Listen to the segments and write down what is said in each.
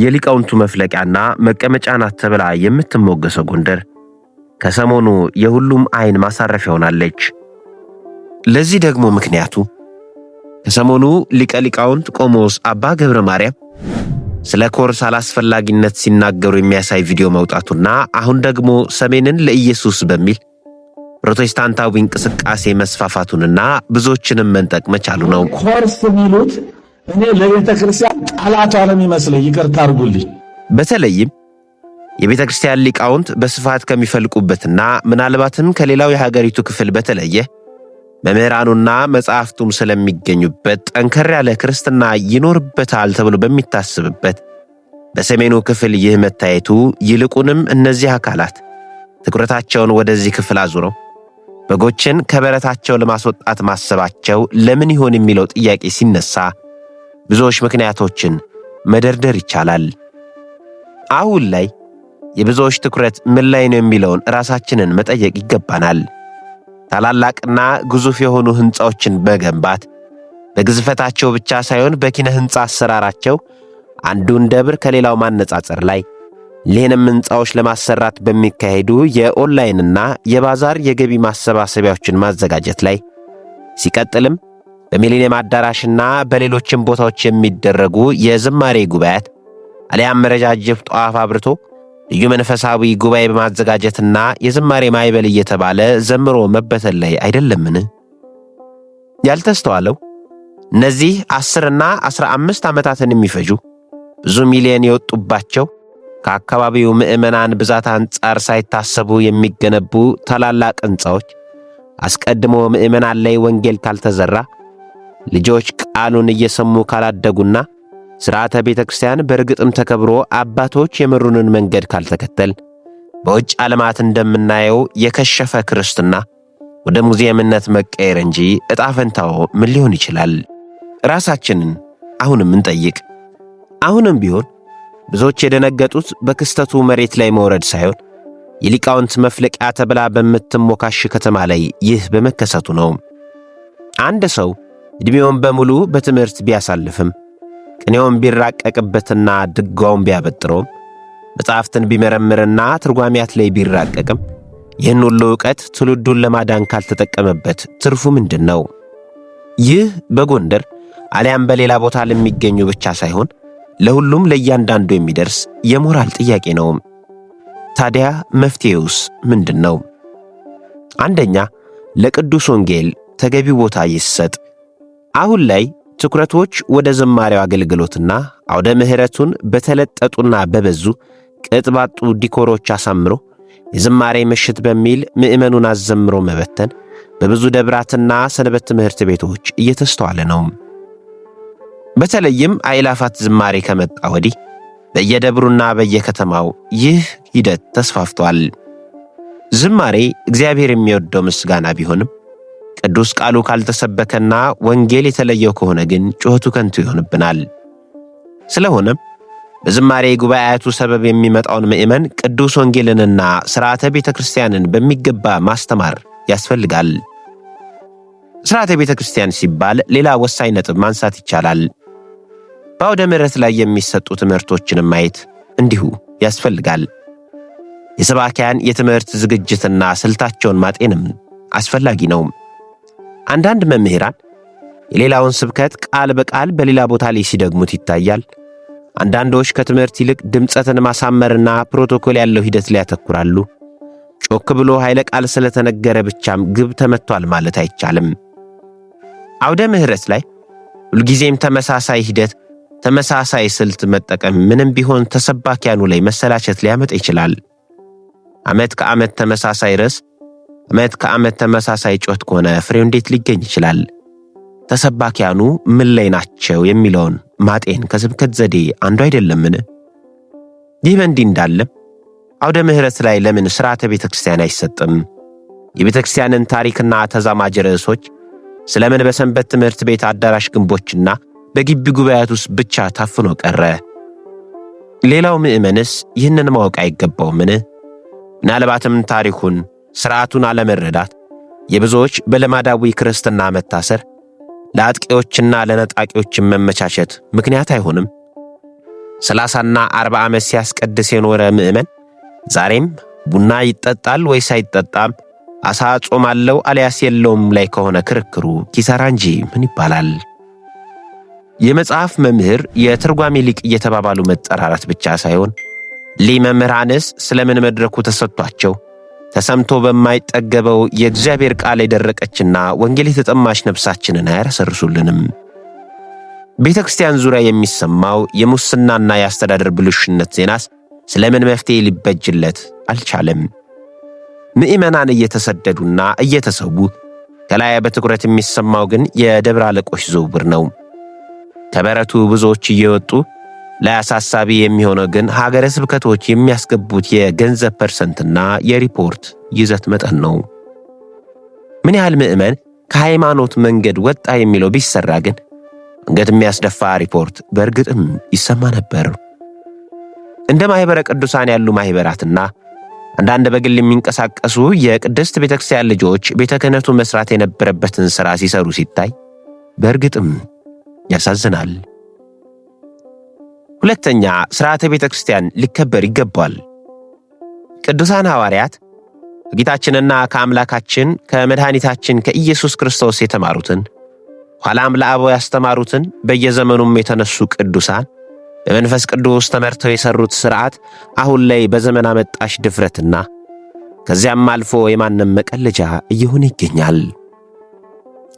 የሊቃውንቱ መፍለቂያና መቀመጫ ናት ተብላ የምትሞገሰው ጎንደር ከሰሞኑ የሁሉም አይን ማሳረፊያ ሆናለች። ለዚህ ደግሞ ምክንያቱ ከሰሞኑ ሊቀ ሊቃውንት ቆሞስ አባ ገብረ ማርያም ስለ ኮርስ አላስፈላጊነት ሲናገሩ የሚያሳይ ቪዲዮ መውጣቱና አሁን ደግሞ ሰሜንን ለኢየሱስ በሚል ፕሮቴስታንታዊ እንቅስቃሴ መስፋፋቱንና ብዙዎችንም መንጠቅ መቻሉ ነው። ኮርስ የሚሉት እኔ ለቤተ ክርስቲያን ጠላቷ ነው የሚመስለኝ። ይቅርታ አርጉልኝ። በተለይም የቤተ ክርስቲያን ሊቃውንት በስፋት ከሚፈልቁበትና ምናልባትም ከሌላው የሀገሪቱ ክፍል በተለየ መምህራኑና መጻሕፍቱም ስለሚገኙበት ጠንከር ያለ ክርስትና ይኖርበታል ተብሎ በሚታስብበት በሰሜኑ ክፍል ይህ መታየቱ ይልቁንም እነዚህ አካላት ትኩረታቸውን ወደዚህ ክፍል አዙረው በጎችን ከበረታቸው ለማስወጣት ማሰባቸው ለምን ይሆን የሚለው ጥያቄ ሲነሳ ብዙዎች ምክንያቶችን መደርደር ይቻላል። አሁን ላይ የብዙዎች ትኩረት ምን ላይ ነው የሚለውን ራሳችንን መጠየቅ ይገባናል። ታላላቅና ግዙፍ የሆኑ ሕንፃዎችን መገንባት በግዝፈታቸው ብቻ ሳይሆን በኪነ ሕንፃ አሰራራቸው አንዱን ደብር ከሌላው ማነጻጸር ላይ ይህንም ሕንፃዎች ለማሰራት በሚካሄዱ የኦንላይንና የባዛር የገቢ ማሰባሰቢያዎችን ማዘጋጀት ላይ ሲቀጥልም በሚሊኒየም አዳራሽና በሌሎችም ቦታዎች የሚደረጉ የዝማሬ ጉባኤት አሊያም ረጃጅም ጠዋፍ አብርቶ ልዩ መንፈሳዊ ጉባኤ በማዘጋጀትና የዝማሬ ማይበል እየተባለ ዘምሮ መበተን ላይ አይደለምን? ያልተስተዋለው እነዚህ ዐሥርና ዐሥራ አምስት ዓመታትን የሚፈጁ ብዙ ሚሊዮን የወጡባቸው ከአካባቢው ምዕመናን ብዛት አንጻር ሳይታሰቡ የሚገነቡ ታላላቅ ሕንፃዎች አስቀድሞ ምዕመናን ላይ ወንጌል ካልተዘራ ልጆች ቃሉን እየሰሙ ካላደጉና ሥርዓተ ቤተ ክርስቲያን በእርግጥም ተከብሮ አባቶች የመሩንን መንገድ ካልተከተል በውጭ ዓለማት እንደምናየው የከሸፈ ክርስትና ወደ ሙዚየምነት መቀየር እንጂ እጣፈንታው ምን ሊሆን ይችላል? ራሳችንን አሁንም እንጠይቅ። አሁንም ቢሆን ብዙዎች የደነገጡት በክስተቱ መሬት ላይ መውረድ ሳይሆን የሊቃውንት መፍለቂያ ተብላ በምትሞካሽ ከተማ ላይ ይህ በመከሰቱ ነው። አንድ ሰው ዕድሜውን በሙሉ በትምህርት ቢያሳልፍም ቅኔውን ቢራቀቅበትና ድጓውን ቢያበጥረውም መጻሕፍትን ቢመረምርና ትርጓሚያት ላይ ቢራቀቅም ይህን ሁሉ ዕውቀት ትውልዱን ለማዳን ካልተጠቀመበት ትርፉ ምንድን ነው? ይህ በጎንደር አሊያም በሌላ ቦታ ለሚገኙ ብቻ ሳይሆን ለሁሉም ለእያንዳንዱ የሚደርስ የሞራል ጥያቄ ነው። ታዲያ መፍትሔውስ ምንድን ነው? አንደኛ ለቅዱስ ወንጌል ተገቢው ቦታ ይሰጥ። አሁን ላይ ትኩረቶች ወደ ዘማሪው አገልግሎትና አውደ ምሕረቱን በተለጠጡና በበዙ ቅጥባጡ ዲኮሮች አሳምሮ የዝማሬ ምሽት በሚል ምእመኑን አዘምሮ መበተን በብዙ ደብራትና ሰንበት ትምህርት ቤቶች እየተስተዋለ ነው። በተለይም አይላፋት ዝማሬ ከመጣ ወዲህ በየደብሩና በየከተማው ይህ ሂደት ተስፋፍቷል። ዝማሬ እግዚአብሔር የሚወደው ምስጋና ቢሆንም ቅዱስ ቃሉ ካልተሰበከና ወንጌል የተለየው ከሆነ ግን ጩኸቱ ከንቱ ይሆንብናል። ስለሆነም በዝማሬ ጉባኤያቱ ሰበብ የሚመጣውን ምእመን ቅዱስ ወንጌልንና ሥርዓተ ቤተ ክርስቲያንን በሚገባ ማስተማር ያስፈልጋል። ሥርዓተ ቤተ ክርስቲያን ሲባል ሌላ ወሳኝ ነጥብ ማንሳት ይቻላል። በአውደ ምሕረት ላይ የሚሰጡ ትምህርቶችንም ማየት እንዲሁ ያስፈልጋል። የሰባኪያን የትምህርት ዝግጅትና ስልታቸውን ማጤንም አስፈላጊ ነው። አንዳንድ መምህራን የሌላውን ስብከት ቃል በቃል በሌላ ቦታ ላይ ሲደግሙት ይታያል። አንዳንዶች ከትምህርት ይልቅ ድምፀትን ማሳመርና ፕሮቶኮል ያለው ሂደት ላይ ያተኩራሉ። ጮክ ብሎ ኃይለ ቃል ስለተነገረ ብቻም ግብ ተመቷል ማለት አይቻልም። አውደ ምሕረት ላይ ሁልጊዜም ተመሳሳይ ሂደት፣ ተመሳሳይ ስልት መጠቀም ምንም ቢሆን ተሰባኪያኑ ላይ መሰላቸት ሊያመጣ ይችላል። ዓመት ከዓመት ተመሳሳይ ርዕስ ዓመት ከዓመት ተመሳሳይ ጩኸት ከሆነ ፍሬው እንዴት ሊገኝ ይችላል? ተሰባኪያኑ ምን ላይ ናቸው የሚለውን ማጤን ከስብከት ዘዴ አንዱ አይደለምን? ይህ በእንዲህ እንዳለ አውደ ምሕረት ላይ ለምን ሥርዓተ ቤተ ክርስቲያን አይሰጥም? የቤተ ክርስቲያንን ታሪክና ተዛማጅ ርዕሶች ስለምን በሰንበት ትምህርት ቤት አዳራሽ ግንቦችና በግቢ ጉባኤያት ውስጥ ብቻ ታፍኖ ቀረ? ሌላው ምእመንስ ይህንን ማወቅ አይገባውምን? ምናልባትም ታሪኩን ሥርዓቱን አለመረዳት፣ የብዙዎች በለማዳዊ ክርስትና መታሰር ለአጥቂዎችና ለነጣቂዎችን መመቻቸት ምክንያት አይሆንም። ሰላሳና አርባ ዓመት ሲያስቀድስ የኖረ ምዕመን ዛሬም ቡና ይጠጣል ወይስ አይጠጣም፣ አሳ ጾም አለው አልያስ የለውም ላይ ከሆነ ክርክሩ ኪሳራ እንጂ ምን ይባላል? የመጽሐፍ መምህር የትርጓሜ ሊቅ እየተባባሉ መጠራራት ብቻ ሳይሆን ሊመምህራንስ ስለምን መድረኩ ተሰጥቷቸው ተሰምቶ በማይጠገበው የእግዚአብሔር ቃል የደረቀችና ወንጌል የተጠማች ነፍሳችንን አያረሰርሱልንም። ቤተ ክርስቲያን ዙሪያ የሚሰማው የሙስናና የአስተዳደር ብልሽነት ዜናስ ስለምን መፍትሄ ሊበጅለት አልቻለም? ምእመናን እየተሰደዱና እየተሰዉ ከላይ በትኩረት የሚሰማው ግን የደብረ አለቆች ዝውውር ነው። ከበረቱ ብዙዎች እየወጡ ላይ አሳሳቢ የሚሆነው ግን ሀገረ ስብከቶች የሚያስገቡት የገንዘብ ፐርሰንትና የሪፖርት ይዘት መጠን ነው። ምን ያህል ምዕመን ከሃይማኖት መንገድ ወጣ የሚለው ቢሰራ ግን አንገት የሚያስደፋ ሪፖርት በእርግጥም ይሰማ ነበር። እንደ ማኅበረ ቅዱሳን ያሉ ማኅበራትና አንዳንድ በግል የሚንቀሳቀሱ የቅድስት ቤተ ክርስቲያን ልጆች ቤተ ክህነቱ መሥራት የነበረበትን ሥራ ሲሰሩ ሲታይ በእርግጥም ያሳዝናል። ሁለተኛ ሥርዓተ ቤተ ክርስቲያን ሊከበር ይገባል። ቅዱሳን ሐዋርያት ከጌታችንና ከአምላካችን ከመድኃኒታችን ከኢየሱስ ክርስቶስ የተማሩትን ኋላም ለአበው ያስተማሩትን በየዘመኑም የተነሱ ቅዱሳን በመንፈስ ቅዱስ ተመርተው የሠሩት ሥርዓት አሁን ላይ በዘመን አመጣሽ ድፍረትና ከዚያም አልፎ የማንም መቀለጃ እየሆነ ይገኛል።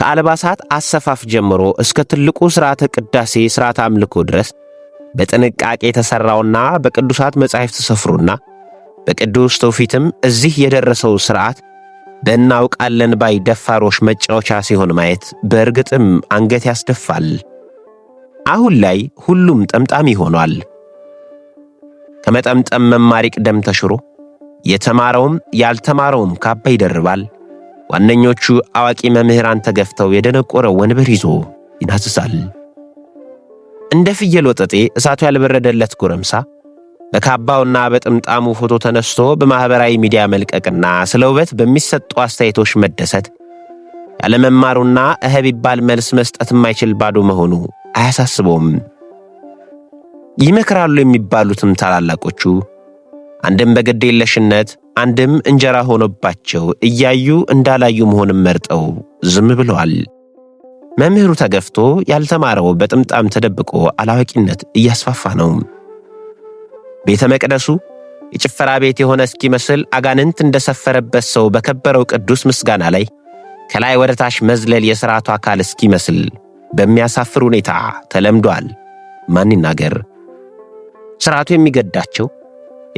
ከአልባሳት አሰፋፍ ጀምሮ እስከ ትልቁ ሥርዓተ ቅዳሴ ሥርዓተ አምልኮ ድረስ በጥንቃቄ የተሠራውና በቅዱሳት መጻሕፍት ተሰፍሮና በቅዱስ ትውፊትም እዚህ የደረሰው ሥርዓት በእናውቃለን ባይ ደፋሮች መጫወቻ ሲሆን ማየት በእርግጥም አንገት ያስደፋል። አሁን ላይ ሁሉም ጠምጣሚ ሆኗል። ከመጠምጠም መማሪቅ ደም ተሽሮ የተማረውም ያልተማረውም ካባ ይደርባል። ዋነኞቹ አዋቂ መምህራን ተገፍተው የደነቆረ ወንበር ይዞ ይናስሳል። እንደ ፍየል ወጠጤ እሳቱ ያልበረደለት ጎረምሳ በካባውና በጥምጣሙ ፎቶ ተነስቶ በማኅበራዊ ሚዲያ መልቀቅና ስለ ውበት በሚሰጡ አስተያየቶች መደሰት ያለመማሩና እህ ቢባል መልስ መስጠት የማይችል ባዶ መሆኑ አያሳስበውም። ይመክራሉ የሚባሉትም ታላላቆቹ አንድም በግድ የለሽነት አንድም እንጀራ ሆኖባቸው እያዩ እንዳላዩ መሆንም መርጠው ዝም ብለዋል። መምህሩ ተገፍቶ ያልተማረው በጥምጣም ተደብቆ አላዋቂነት እያስፋፋ ነው። ቤተ መቅደሱ የጭፈራ ቤት የሆነ እስኪመስል አጋንንት እንደሰፈረበት ሰው በከበረው ቅዱስ ምስጋና ላይ ከላይ ወደ ታች መዝለል የሥርዓቱ አካል እስኪመስል በሚያሳፍር ሁኔታ ተለምዷል። ማን ይናገር? ሥርዓቱ የሚገዳቸው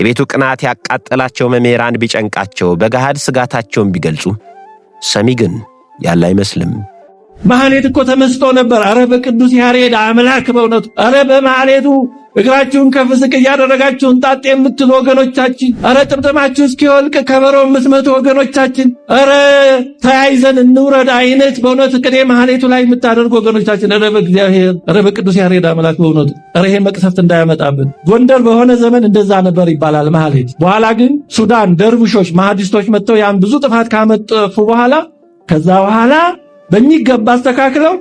የቤቱ ቅናት ያቃጠላቸው መምህራን ቢጨንቃቸው በገሃድ ስጋታቸውን ቢገልጹ ሰሚ ግን ያለ አይመስልም። ማህሌት እኮ ተመስጦ ነበር። አረ በቅዱስ ያሬድ አምላክ በእውነቱ አረ በማህሌቱ እግራችሁን ከፍ ዝቅ እያደረጋችሁን ጣጤ የምትሉ ወገኖቻችን፣ አረ ጥምጥማችሁ እስኪወልቅ ከበሮ የምትመቱ ወገኖቻችን፣ አረ ተያይዘን እንውረድ አይነት በእውነት ቅኔ ማህሌቱ ላይ የምታደርጉ ወገኖቻችን፣ አረ በእግዚአብሔር፣ አረ በቅዱስ ያሬድ አምላክ በእውነቱ አረ ይሄ መቅሰፍት እንዳያመጣብን። ጎንደር በሆነ ዘመን እንደዛ ነበር ይባላል ማህሌት። በኋላ ግን ሱዳን ደርቡሾች፣ ማህዲስቶች መጥተው ያን ብዙ ጥፋት ካመጠፉ በኋላ ከዛ በኋላ በሚገባ አስተካክለው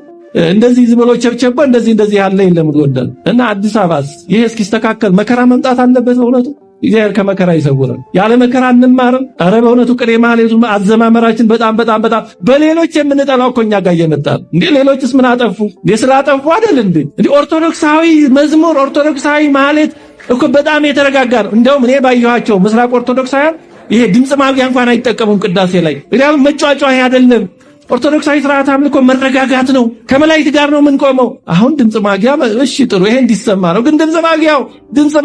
እንደዚህ ዝም ብሎ ቸብቸበ እንደዚህ እንደዚህ ያለ የለም ጎደል እና አዲስ አበባስ ይሄ እስኪስተካከል መከራ መምጣት አለበት። በእውነቱ እግዚአብሔር ከመከራ ይሰውረን። ያለ መከራ እንማርም። አረ በእውነቱ ቅኔ ማህሌቱ አዘማመራችን በጣም በጣም በጣም በሌሎች የምንጠላው እኮ እኛ ጋር እየመጣ ነው እንዴ። ሌሎችስ ምን አጠፉ እንዴ? ስላጠፉ አይደል እንዴ? ኦርቶዶክሳዊ መዝሙር ኦርቶዶክሳዊ ማህሌት እኮ በጣም የተረጋጋ ነው። እንደውም እኔ ባየኋቸው ምስራቅ ኦርቶዶክሳውያን ይሄ ድምፅ ማጉያ እንኳን አይጠቀሙም ቅዳሴ ላይ። ምክንያቱም መጫጫ አይደለም ኦርቶዶክሳዊ ስርዓት አምልኮ መረጋጋት ነው። ከመላእክት ጋር ነው የምንቆመው። አሁን ድምፅ ማግያ እሺ፣ ጥሩ፣ ይሄ እንዲሰማ ነው። ግን ድምፅ ማጉያው ድምፅ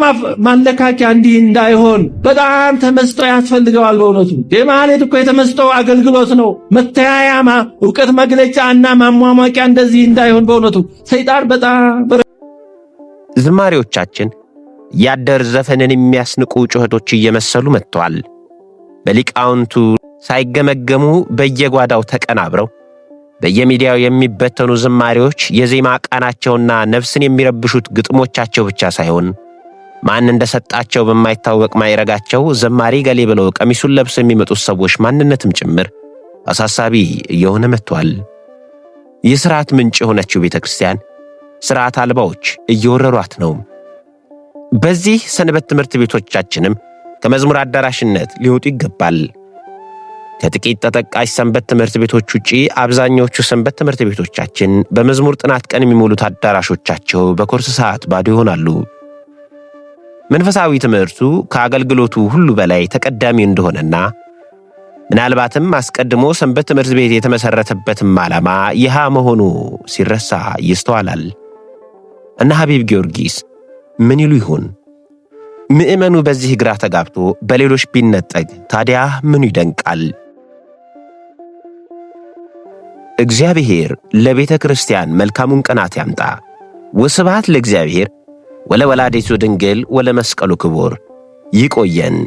ማለካኪያ እንዲህ እንዳይሆን በጣም ተመስጦ ያስፈልገዋል። በእውነቱ የማህሌት እኮ የተመስጦ አገልግሎት ነው። መተያያማ እውቀት መግለጫ እና ማሟሟቂያ እንደዚህ እንዳይሆን በእውነቱ ሰይጣን በጣም ዝማሪዎቻችን ያደር ዘፈንን የሚያስንቁ ጩኸቶች እየመሰሉ መጥተዋል። በሊቃውንቱ ሳይገመገሙ በየጓዳው ተቀናብረው በየሚዲያው የሚበተኑ ዝማሬዎች የዜማ ቃናቸውና ነፍስን የሚረብሹት ግጥሞቻቸው ብቻ ሳይሆን ማን እንደሰጣቸው በማይታወቅ ማይረጋቸው ዘማሪ ገሌ ብለው ቀሚሱን ለብሰው የሚመጡት ሰዎች ማንነትም ጭምር አሳሳቢ እየሆነ መጥቷል። የሥርዓት ምንጭ የሆነችው ቤተ ክርስቲያን ሥርዓት አልባዎች እየወረሯት ነው። በዚህ ሰንበት ትምህርት ቤቶቻችንም ከመዝሙር አዳራሽነት ሊወጡ ይገባል። ከጥቂት ተጠቃሽ ሰንበት ትምህርት ቤቶች ውጪ አብዛኛዎቹ ሰንበት ትምህርት ቤቶቻችን በመዝሙር ጥናት ቀን የሚሞሉት አዳራሾቻቸው በኮርስ ሰዓት ባዶ ይሆናሉ። መንፈሳዊ ትምህርቱ ከአገልግሎቱ ሁሉ በላይ ተቀዳሚ እንደሆነና ምናልባትም አስቀድሞ ሰንበት ትምህርት ቤት የተመሠረተበትም ዓላማ ይሃ መሆኑ ሲረሳ ይስተዋላል። እና ሐቢብ ጊዮርጊስ ምን ይሉ ይሆን? ምእመኑ በዚህ ግራ ተጋብቶ በሌሎች ቢነጠቅ ታዲያ ምኑ ይደንቃል? እግዚአብሔር ለቤተ ክርስቲያን መልካሙን ቀናት ያምጣ። ወስብሐት ለእግዚአብሔር ወለወላዲቱ ድንግል ወለመስቀሉ ክቡር። ይቆየን።